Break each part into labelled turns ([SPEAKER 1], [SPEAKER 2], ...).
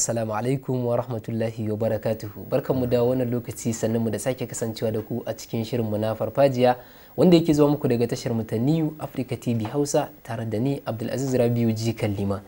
[SPEAKER 1] assalamu alaikum wa rahmatullahi wa barakatuhu mu da wannan lokaci sannan mu da sake kasancewa da ku a cikin shirin mu na farfajiya wanda yake zuwa muku daga tashar mu ta New Africa TV Hausa tare da ni Abdulaziz Rabiu Ji Kallima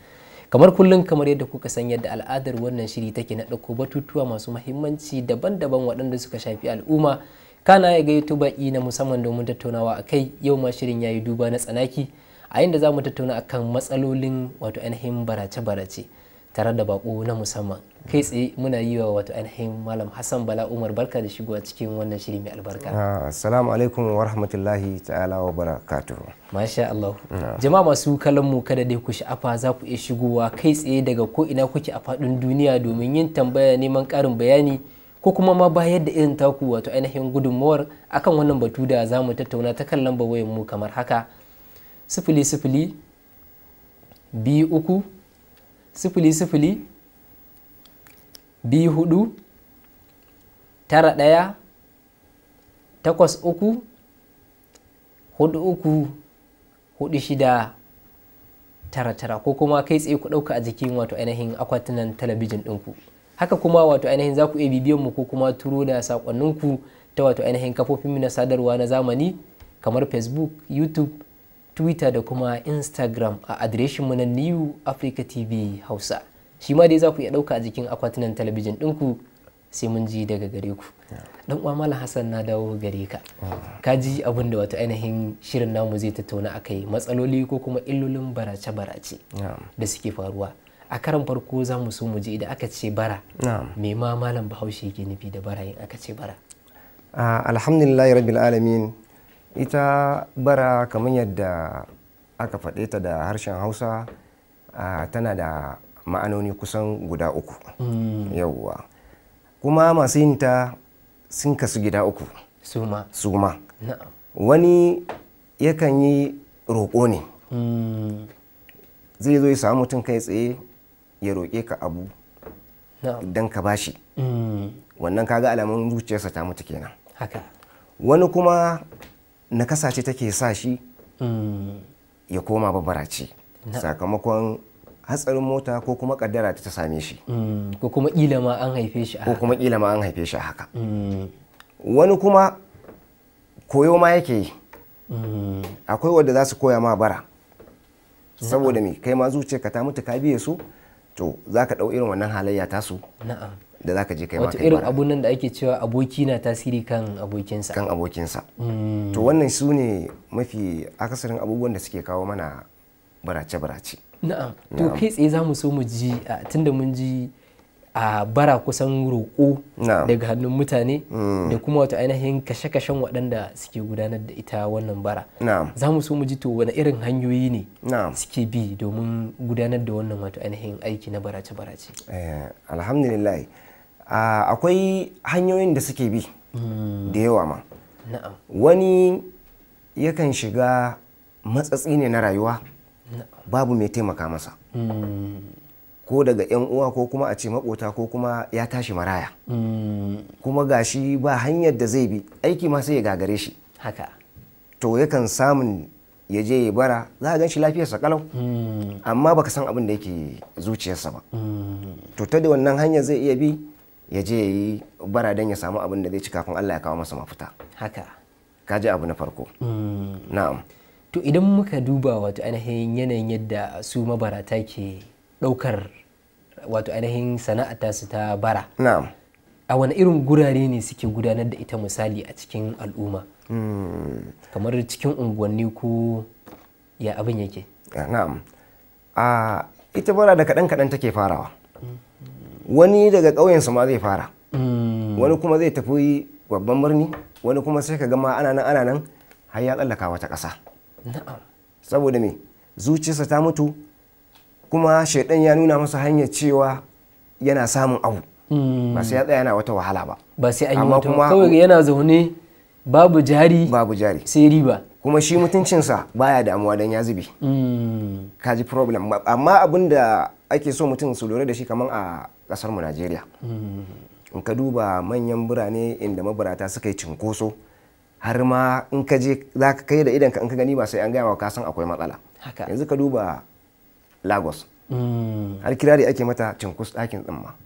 [SPEAKER 1] kamar kullum kamar yadda kuka san yadda al'adar wannan shiri take na ɗauko batutuwa masu mahimmanci daban-daban waɗanda suka shafi al'umma kana ya ga gayyato baƙi na musamman domin tattaunawa a kai yau ma shirin ya yi duba na tsanaki a inda za mu tattauna akan matsalolin wato ainihin barace-barace tare da bako na musamman kai tsaye muna yi wa wato ainihin malam hassan bala umar barka da shigowa cikin wannan shiri mai albarka ah, assalamu alaikum wa rahmatullahi ta'ala wa barakatuh masha Allah ah. jama'a masu kallon mu kada dai ku sha'afa za ku iya shigowa kai tsaye daga ko ina kuke a faɗin duniya domin yin tambaya neman karin bayani ko kuma ma bayar da irin taku wato ainihin gudunmawar akan wannan batu da za mu tattauna ta kan lambar wayar mu kamar haka sifili sifili biyu uku sifili sifili biyu hudu tara ɗaya takwas uku hudu uku hudu shida tara tara ko kuma kai tsaye ku ɗauka a jikin wato ainihin akwatunan talabijin ɗinku haka kuma wato ainihin za ku iya bibiyan mu ko kuma turo da saƙonninku ta wato ainihin kafofinmu na sadarwa na zamani kamar facebook youtube twitter da kuma instagram a adireshin mu na new africa tv hausa shi ma dai za ku iya ɗauka a jikin akwatunan talabijin ɗinku sai mun ji daga gare ku dan uwa malam hassan na dawo gare ka ka ji abin da wato ainihin shirin namu zai tattauna a kai, matsaloli ko kuma illolin barace barace da suke faruwa a karan farko za mu so mu ji idan aka ce bara me ma malam bahaushe yake nufi da bara in aka ce bara
[SPEAKER 2] ah, alhamdulillahi rabbil alamin ita bara kamar yadda aka faɗe ta da harshen hausa uh, tana da ma'anoni kusan guda uku mm. yawwa kuma masu yin ta sun kasu gida uku suma suma no. wani yakan yi roƙo ne mm. zai zo ya samu mutum kai tsaye ya roƙe ka abu don no. ka bashi mm. wannan kaga alamun zuciyarsa ta mutu kenan haka wani kuma nakasa ce take sa shi ya koma ce sakamakon hatsarin mota ko kuma kaddara ta same shi mm, ko kuma kila ma an haife shi a haka mm. wani kuma koyo ma yake yi mm. akwai wanda za su koya ma bara saboda me kai ma ka ta mutu ka biye su to za ka ɗau irin wannan halayya tasu da zaka je kai ma kai irin
[SPEAKER 1] abun nan da ake cewa aboki na tasiri kan abokinsa kan abokinsa mm. to
[SPEAKER 2] wannan su ne mafi akasarin abubuwan da suke kawo mana barace barace
[SPEAKER 1] na'am to kai tsaye za mu so mu ji tunda mun ji a bara kusan roƙo daga hannun mutane mm. da kuma wato ainihin kashe-kashen waɗanda suke gudanar da ita wannan bara za mu so mu ji to wani irin hanyoyi ne suke bi domin gudanar da wannan wato ainihin aiki na barace-barace
[SPEAKER 2] eh, alhamdulillah akwai hanyoyin da suke bi hmm. da yawa ma wani yakan shiga matsatsi ne na rayuwa babu mai taimaka masa hmm. ko daga 'yan uwa ko kuma a ce makota ko kuma ya tashi maraya
[SPEAKER 3] hmm.
[SPEAKER 2] kuma gashi ba hanyar da zai bi aiki ma sai ya gagare shi haka to yakan samun ya je ya bara za a gan shi lafiyarsa kalau amma baka san abin da yake zuciyarsa ba to ta da wannan hanyar zai iya bi ya je ya yi bara don ya samu abin da zai ci kafin Allah ya kawo masa mafita haka ka ji abu na farko
[SPEAKER 1] mm. na'am to idan muka duba wato ainihin yanayin yadda su mabarata ke ɗaukar wato ainihin sana'a su ta bara na'am a wani irin gurare ne suke gudanar da ita misali a cikin al'umma mm. kamar cikin unguwanni ko ya abin yake na'am ah, ita bara da kaɗan-kaɗan
[SPEAKER 2] take farawa mm. wani daga ƙauyensa ma zai fara
[SPEAKER 3] mm. wani
[SPEAKER 2] kuma zai tafi babban birni wani kuma sai ka gama ana nan ana nan har ya tsallaka wata ƙasa saboda me zuciyarsa ta mutu kuma shaidan ya nuna masa hanyar cewa yana samun abu
[SPEAKER 1] mm. ba sai ya
[SPEAKER 2] tsaya yana wata wahala ba
[SPEAKER 1] ba sai an yi wata kawai
[SPEAKER 2] yana zaune babu jari babu jari sai riba kuma shi mutuncinsa baya damuwa dan ya zube
[SPEAKER 3] mm.
[SPEAKER 2] ka ji problem amma abin da ake so mutum su lura da shi kamar a kasarmu najeriya
[SPEAKER 3] mm.
[SPEAKER 2] in ka duba manyan birane inda mabarata suka yi cinkoso har ma in ka je za ka kai da idan ka in ka gani ba sai an gaya wa kasan akwai matsala yanzu ka duba lagos
[SPEAKER 3] mm.
[SPEAKER 2] har kirari ake mata cinkus ɗakin tsimma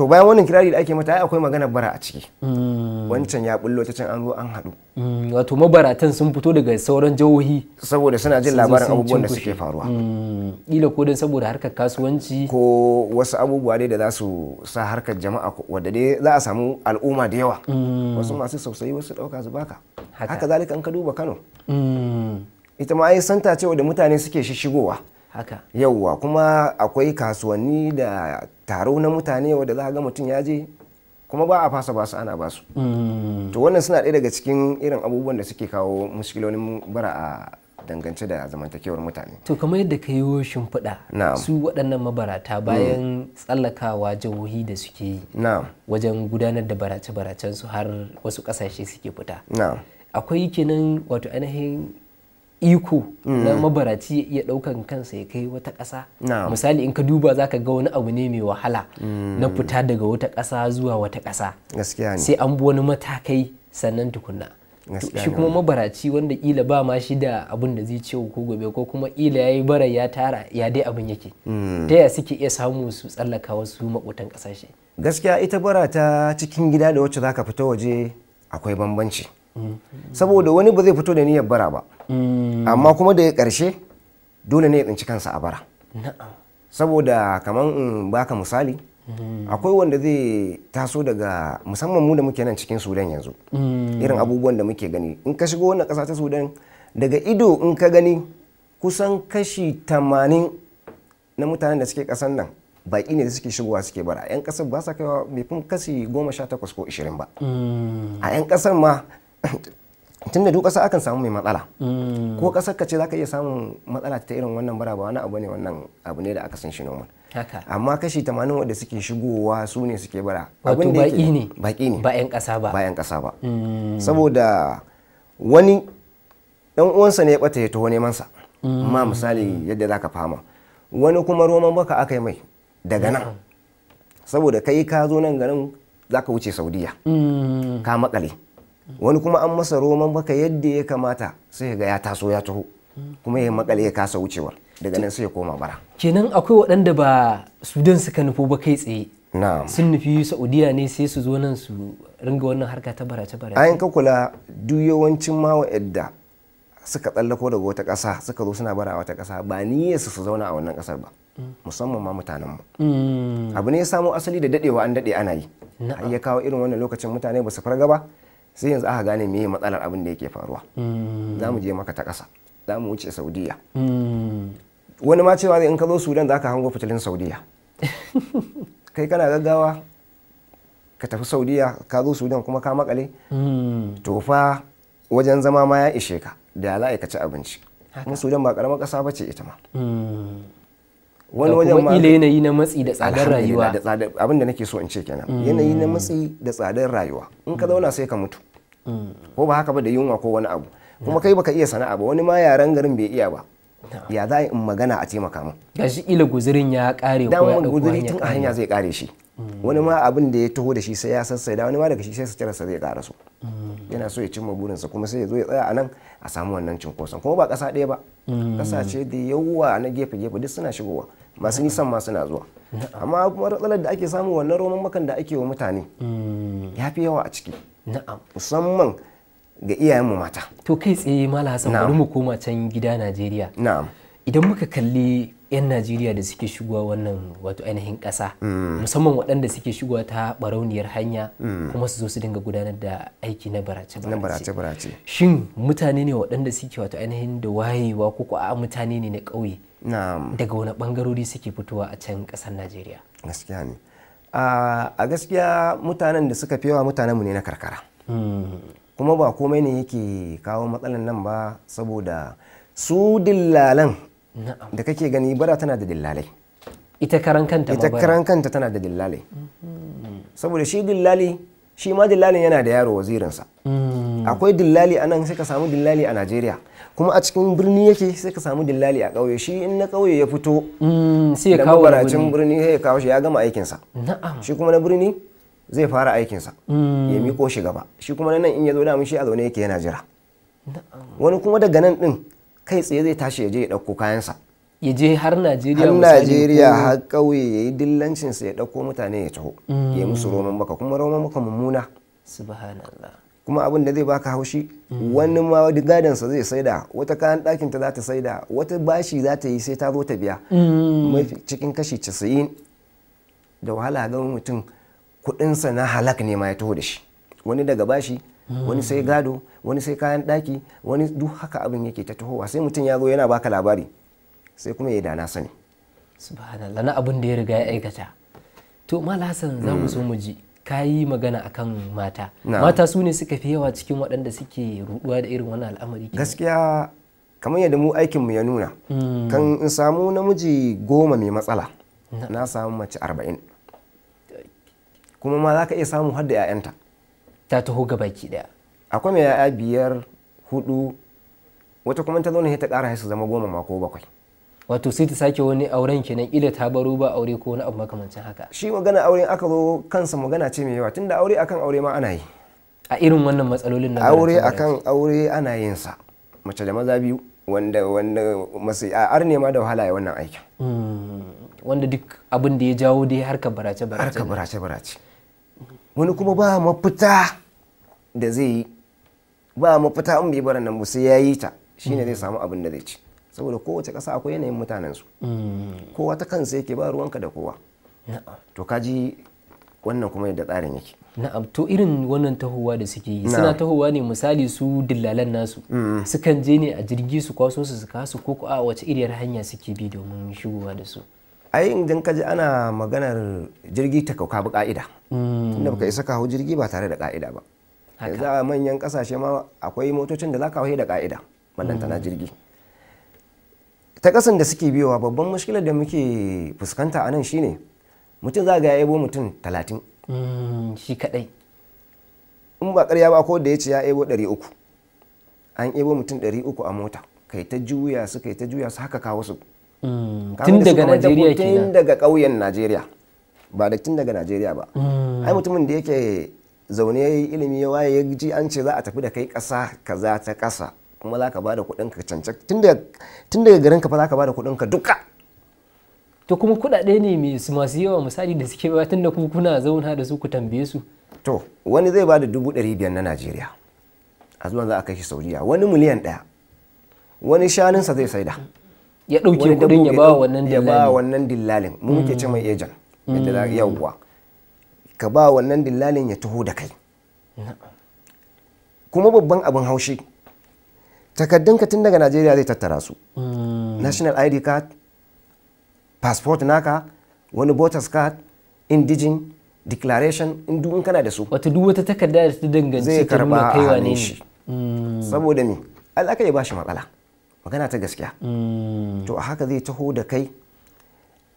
[SPEAKER 2] to bayan wannan kirari da ake mata ai akwai magana bara a ciki
[SPEAKER 1] hmm. wancan ya bullo ta can an zo an haɗu hmm, wato mabaratan sun fito daga sauran jihohi saboda suna jin labarin abubuwan da suke faruwa hmm, kila ko dan saboda harkar kasuwanci
[SPEAKER 2] ko wasu abubuwa dai da za su sa harkar jama'a wadda dai za a samu al'umma da yawa wasu masu sausayi wasu dauka su baka haka zalika an ka duba kano ita ma ai santa cewa da mutane suke shishigowa haka yauwa kuma akwai kasuwanni da taro na mutane wadda za a ga mutum ya je kuma ba a fasa basu ana basu mm. to wannan suna ɗaya daga cikin irin abubuwan da suke kawo muskilolin bara
[SPEAKER 1] a dangance da zamantakewar mutane to kamar yadda ka yi shimfiɗa su waɗannan mabarata bayan mm. tsallakawa jihohi da suke yi wajen gudanar da barace-baracen su har wasu ƙasashe suke fita akwai kenan wato ainihin iko mm. na mabaraci ya iya daukan kansa ya kai wata ƙasa misali in ka duba zaka ga wani abu ne mai wahala
[SPEAKER 2] mm. na fita
[SPEAKER 1] daga wata ƙasa zuwa wata ƙasa sai an bi wani matakai sannan tukunna shi kuma mabaraci wanda kila ba ma shi da abin da zai ce ko gobe ko kuma kila yayi bara ya tara ya dai abin yake
[SPEAKER 2] mm. ta ya
[SPEAKER 1] suke iya samu su tsallaka wasu makotan kasashe
[SPEAKER 2] gaskiya ita bara ta cikin gida da wacce zaka fita waje akwai bambanci saboda wani ba zai fito da niyyar bara ba amma kuma da ya ƙarshe dole ne ya tsinci kansa a bara saboda kamar in baka misali akwai wanda zai taso daga musamman mu da muke nan cikin sudan yanzu irin abubuwan da muke gani in ka shigo wannan ƙasa ta sudan daga ido in ka gani kusan kashi tamanin na mutanen da suke ƙasan nan baƙi ne da suke shigowa suke bara yan ƙasar ba sa kaiwa mai fin kashi goma sha takwas ko ishirin ba a yan ƙasar ma tun da duk ƙasa akan samu mai matsala mm. ko ƙasar ka ce za ka iya samun matsala ta irin wannan bara ba wani abu ne wannan abu ne da aka san shi noma amma kashi tamanin wanda suke shigowa su ne suke bara abin da yake ne baki ne ba 'yan ƙasa ba ba 'yan ƙasa ba mm. saboda wani dan uwansa ne ya bata ya taho neman sa mm. ma misali yadda zaka fama wani kuma roman baka aka yi mai daga nan saboda kai ka zo nan garin zaka wuce saudiya ka makale wani kuma an masa roman baka yadda ya kamata sai ga ya taso ya taho kuma ya makale ya kasa wucewa daga nan sai ya koma bara
[SPEAKER 1] kenan akwai waɗanda ba sudan suka nufo ba kai tsaye sun nufi saudiya ne sai su zo nan su ringa wannan harka ta barace barace ayin ka
[SPEAKER 2] kula duk yawancin ma wa'adda suka tsallako daga wata ƙasa suka zo suna bara wata ƙasa ba ni su su zauna a wannan ƙasar ba musamman ma mutanen mu mm. abu ne ya samo asali da dadewa an dade ana yi ya kawo irin wannan lokacin mutane ba su farga ba sai yanzu aka gane meye matsalar abin da yake faruwa za mu je maka ta ƙasa za mu wuce saudiya wani ma cewa in ka zo sudan za ka hango fitilin saudiya kai kana gaggawa ka tafi saudiya ka zo sudan kuma ka makale to fa wajen zama ma ya ishe ka da ya la'aika ci abinci kuma sudan ba karamar ƙasa ba ce ita ma wani wajen ma yanayi na matsi da tsadar rayuwa abin da nake so in ce kenan mm. yanayi na matsi da tsadar rayuwa in ka zauna sai ka mutu ko ba haka ba da yunwa ko wani abu kuma kai baka iya sana'a ba wani ma yaran garin bai iya ba ya za in magana a taimaka min
[SPEAKER 1] shi ila guzurin ya kare ko ya guzuri tun a hanya
[SPEAKER 2] zai kare shi mm. wani ma abin da ya taho da shi sai ya da wani ma daga shi sai sa zai kara su. Mm. yana so ya cimma burinsa kuma sai ya zo ya tsaya a nan a samu wannan cinkoson kuma ba kasa ɗaya ba kasashe mm. da yawa na gefe gefe duk suna shigowa masu nisan ma suna zuwa amma kuma ratsalar da ake samu wannan roman makan da ake wa mutane ya fi yawa a ciki na'am musamman ga iyayenmu mata
[SPEAKER 1] to kai tsaye mala Hassan bari mu koma can gida najeriya na'am idan muka kalli 'yan najeriya da suke shigowa wannan wato ainihin ƙasa
[SPEAKER 2] mm. musamman
[SPEAKER 1] waɗanda suke shigowa ta barauniyar hanya mm. kuma su zo su dinga gudanar da aiki na barace-barace na barace barace. shin mutane ne waɗanda suke wato ainihin da wayewa ko a mutane ne na ƙauye na'am daga wani ɓangarori suke fitowa a can ƙasar najeriya
[SPEAKER 2] gaskiya ne a gaskiya mutanen da suka fiyawa mutanenmu ne na karkara hmm. kuma ba komai ne yake kawo matsalan nan ba saboda su dillalan da kake gani bara tana da dillalai ita karan kanta ita karan kanta tana da dillalai hmm. saboda shi dillali shi ma dillalin yana da yaro wazirinsa
[SPEAKER 3] hmm.
[SPEAKER 2] akwai dillali a nan sai ka samu dillali a najeriya kuma a cikin birni yake sai ka samu dillali a kauye shi in na ƙauye ya fito
[SPEAKER 3] hmm, da mabaracin
[SPEAKER 2] birni sai ya kawo shi ya gama aikinsa shi kuma na birni zai fara aikinsa
[SPEAKER 3] hmm. ya miko
[SPEAKER 2] shi gaba shi kuma nan in ya zo damu shi a zaune yake yana jira wani kuma daga nan din kai tsaye zai tashi ya je ya ɗauko kayansa
[SPEAKER 1] ya je har najeriya har najeriya har
[SPEAKER 2] ƙauye ya yi dillancin ya ɗauko mutane ya taho ya musu roman baka kuma roman baka mummuna subhanallah kuma abin da zai baka haushi wani ma wani gadon sa zai saida wata kayan ɗakin ta za ta saida wata bashi za ta yi sai ta zo ta biya
[SPEAKER 3] mm.
[SPEAKER 2] cikin kashi casa'in. da wahala ga mutum kuɗinsa na halak ne ma ya taho da shi wani daga bashi wani sai gado wani sai kayan ɗaki wani duk haka abin yake ta tahowa sai mutum ya zo yana baka labari sai kuma ya dana sani
[SPEAKER 1] subhanallah na abin da ya riga ya aikata to mal hasan za mu mm. so mu ji ka yi magana akan mata mata su ne suka fi yawa cikin waɗanda suke ruɗuwa da irin wannan al'amari gaskiya
[SPEAKER 2] kamar yadda mu aikin mu ya nuna mm. kan in samu namiji goma mai matsala na samu mace arba'in kuma ma za ka iya samu har da 'ya'yanta ta taho gaba ki daya akwai mai 'ya'ya biyar hudu wata kuma ta zo ne ta kara haisu zama goma mako bakwai
[SPEAKER 1] wato sai ta sake wani auren kenan ila ta baro ba aure ko wani abu makamancin haka
[SPEAKER 2] shi magana auren aka zo kansa magana ce mai yawa tunda aure akan aure ma ana yi
[SPEAKER 1] a irin wannan matsalolin na aure akan
[SPEAKER 2] aure ana yin sa mace da maza biyu wanda wanda masu ar ne ma da wahala ya wannan aikin
[SPEAKER 1] hmm, wanda duk abin da ya jawo dai harka barace barace harka barace barace wani kuma ba mafita
[SPEAKER 2] da zai yi ba mafita in bai bar nan sai ya yi ta shine zai samu abin da zai ci saboda kowace ƙasa akwai yanayin mutanen su
[SPEAKER 3] mm.
[SPEAKER 2] kowa ta kansa yake ba ruwanka da kowa to kaji wannan kuma yadda tsarin yake
[SPEAKER 1] na'am to irin wannan tahowa da suke yi suna tahowa ne misali su dillalan nasu mm. sukan je ne a jirgi su kwaso su su kasu ko a wace iriyar hanya suke bi domin shigowa da su Ayin idan ka ji
[SPEAKER 2] ana maganar jirgi ta kauka bi ka'ida mm. tunda baka isa kawo jirgi ba tare da ka'ida ba yanzu a manyan kasashe ma akwai motocin da za ka hau da ka'ida na jirgi ta kasan da suke biyowa babban mashkilar da muke fuskanta a nan shine mutum za ga ya yabo mutum talatin
[SPEAKER 1] mm, shi kadai
[SPEAKER 2] in ba karya ba ko da ya ce ya yabo ɗari uku an yabo mutum ɗari uku a mota kai ta juya su kai ta juya su haka kawo su mm, tun daga najeriya tun daga ƙauyen najeriya ba da tun daga najeriya ba
[SPEAKER 3] mm. ai
[SPEAKER 2] mutumin da yake zaune ya yi ilimi ya waye ya ji an ce za a tafi da kai ƙasa kaza ta ƙasa kuma za ka bada kudin ka cancan tun daga garin ka fa za ka bada kudin ka duka
[SPEAKER 1] to kuma kuɗaɗe ne mai masu yawa misali da suke ba tun da kuma kuna zauna da su ku tambaye su to wani zai bada
[SPEAKER 2] dubu ɗari biyar na najeriya a zuwan za a kai shi saudiya wani miliyan ɗaya wani shanunsa zai saida ya ɗauke kuɗin ya ba wannan dillalin ya ba wannan dillalin mu muke ce mai mm. ejan mm. yadda yawwa ka ba wannan dillalin ya taho da kai kuma babban abin haushi takaddunka tun daga najeriya zai tattara su
[SPEAKER 3] hmm.
[SPEAKER 2] national id card passport naka wani voters card indigin declaration in duk in kana da su
[SPEAKER 1] wata duk wata takarda
[SPEAKER 2] da ta danganci ta nuna kaiwa shi hmm. saboda me Allah ya bashi matsala magana ta gaskiya hmm. to a haka zai taho da kai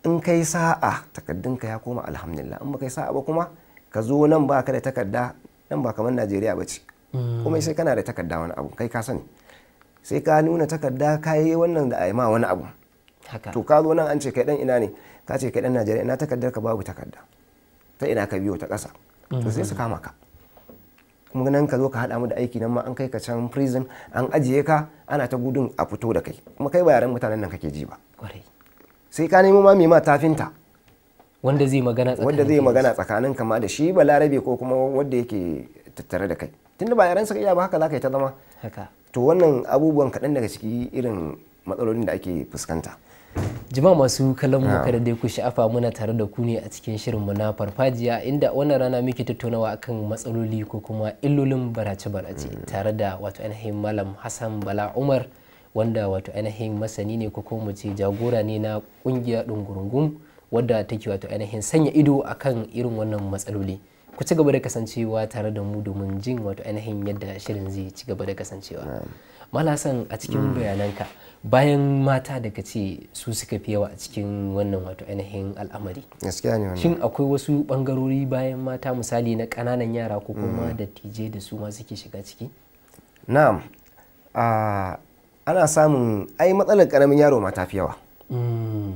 [SPEAKER 2] in kai sa'a takaddunka ya koma alhamdulillah in ba kai sa'a ba kuma ka zo nan ba ka da takarda nan ba kamar Najeriya ba ce kuma sai kana da takarda wani abu kai ka sani sai ka nuna takarda ka yi wannan da a ma wani abu to ka zo nan an ce kai dan ina ne ka ce kai dan najeriya ina takardar ka babu takarda ta ina ka biyo ta ƙasa to sai su kama ka kuma nan ka zo ka haɗa mu da aiki nan ma an kai ka can prison an ajiye ka ana ta gudun a fito da kai kuma kai ba yaren mutanen nan kake ji ba sai ka nemo ma mai ma tafinta wanda zai magana wanda zai magana tsakanin kama da shi balarabe ko kuma wanda yake tattare da kai tunda ba yaren sa iya ba haka za ka yi ta zama haka to wannan abubuwan kaɗan daga ciki
[SPEAKER 1] irin matsalolin da ake fuskanta jima masu kallon mu kada dai ku sha'afa muna tare da ku ne a cikin shirinmu na farfajiya inda wannan rana muke tattaunawa kan matsaloli ko kuma illolin barace-barace mm. tare da wato ainihin malam hassan bala umar wanda wato ainihin masani ne ko kuma mu ce jagora ne na kungiya ɗungurungun wadda take wato ainihin sanya ido akan irin wannan matsaloli ku ci gaba da kasancewa tare da mu domin jin wato ainihin yadda shirin zai ci gaba da kasancewa malasan a cikin mm. bayananka bayan mata da ka ce su suka fi yawa a cikin wannan wato ainihin al'amari shin akwai wasu bangarori bayan mata misali na kananan yara ko kuma mm. dattijai da su ma suke shiga ciki
[SPEAKER 2] na'am ana samun ai matsalar karamin yaro mata fi yawa
[SPEAKER 1] mm.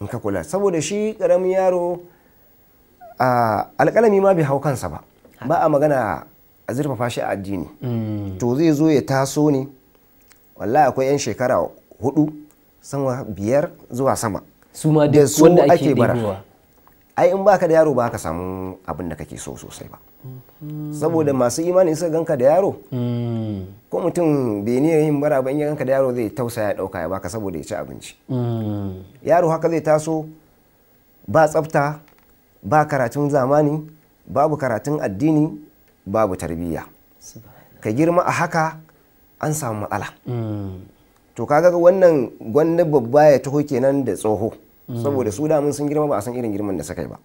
[SPEAKER 2] in ka kula saboda shi karamin yaro alƙalami ma bai hau kansa ba ba a magana a zurfafa shi a addini hmm. to zai zo ya taso ne wallahi akwai 'yan shekara hudu sama biyar zuwa sama
[SPEAKER 1] da su ake bara
[SPEAKER 2] ai in baka da yaro ba ka samu abin da kake so sosai ba hmm. saboda masu imani suka ganka da yaro hmm. ko mutum bai ne yin bara ba in ganka da yaro zai tausaya ya dauka ya baka saboda ya ci abinci yaro haka zai taso ba tsafta ba karatun zamani babu karatun addini babu tarbiyya ka girma a haka an samu matsala mm. to kaga wannan gwanda babba ya taho kenan da tsoho mm. saboda su damun sun girma ba a san irin girman da suka yi ba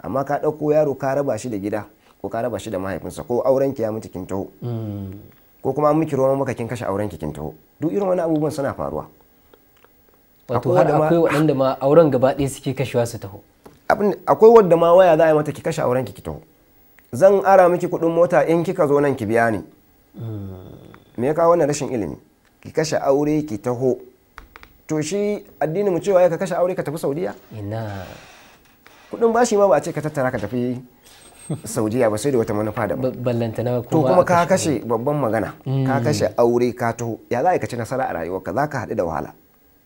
[SPEAKER 2] amma ka ɗauko yaro ka raba shi da gida ko ka raba shi da mahaifinsa ko auren ki ya mutu kin taho
[SPEAKER 1] mm.
[SPEAKER 2] ko kuma miki roman maka kin kashe auren ki kin taho duk irin wani abubuwan suna faruwa
[SPEAKER 1] wato har akwai waɗanda ma auren gaba ɗaya suke kashewa su taho
[SPEAKER 2] akwai wadda ma waya za a yi mata ki kashe auren ki taho zan ara miki kudin mota in kika zo nan ki biya ni me ya kawo wannan rashin ilimi ki kashe aure ki taho to shi addinin mu cewa ya ka kashe aure ka tafi saudiya ina kudin bashi ma ba a ce ka tattara ka tafi saudiya ba sai da wata manufa da ballantana to kuma ka kashe babban magana ka hmm. kashe aure ka taho ya za ka ci nasara a rayuwarka za ka haɗu da wahala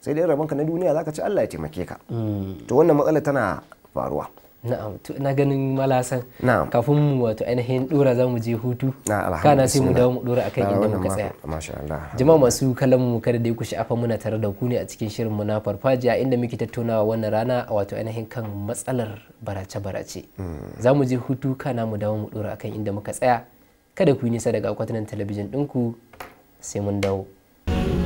[SPEAKER 2] sai dai rabonka na duniya za ka ci allah ya taimake ka hmm. to wannan matsalar tana faruwa
[SPEAKER 1] na'am to ina ganin malasan na'am kafin mu wato ainihin dora zamu je hutu kana sai mu dawo mu dora akan inda muka tsaya
[SPEAKER 2] masha Allah
[SPEAKER 1] jama'a masu kallon mu kada dai ku sha'afa muna tare da ku ne a cikin shirin mu na farfajiya inda muke tattaunawa wannan rana a wato ainihin kan matsalar barace barace hmm. zamu je hutu kana mu dawo mu dora akan inda muka tsaya kada ku yi nisa daga kwatunan talabijin ɗinku sai mun dawo.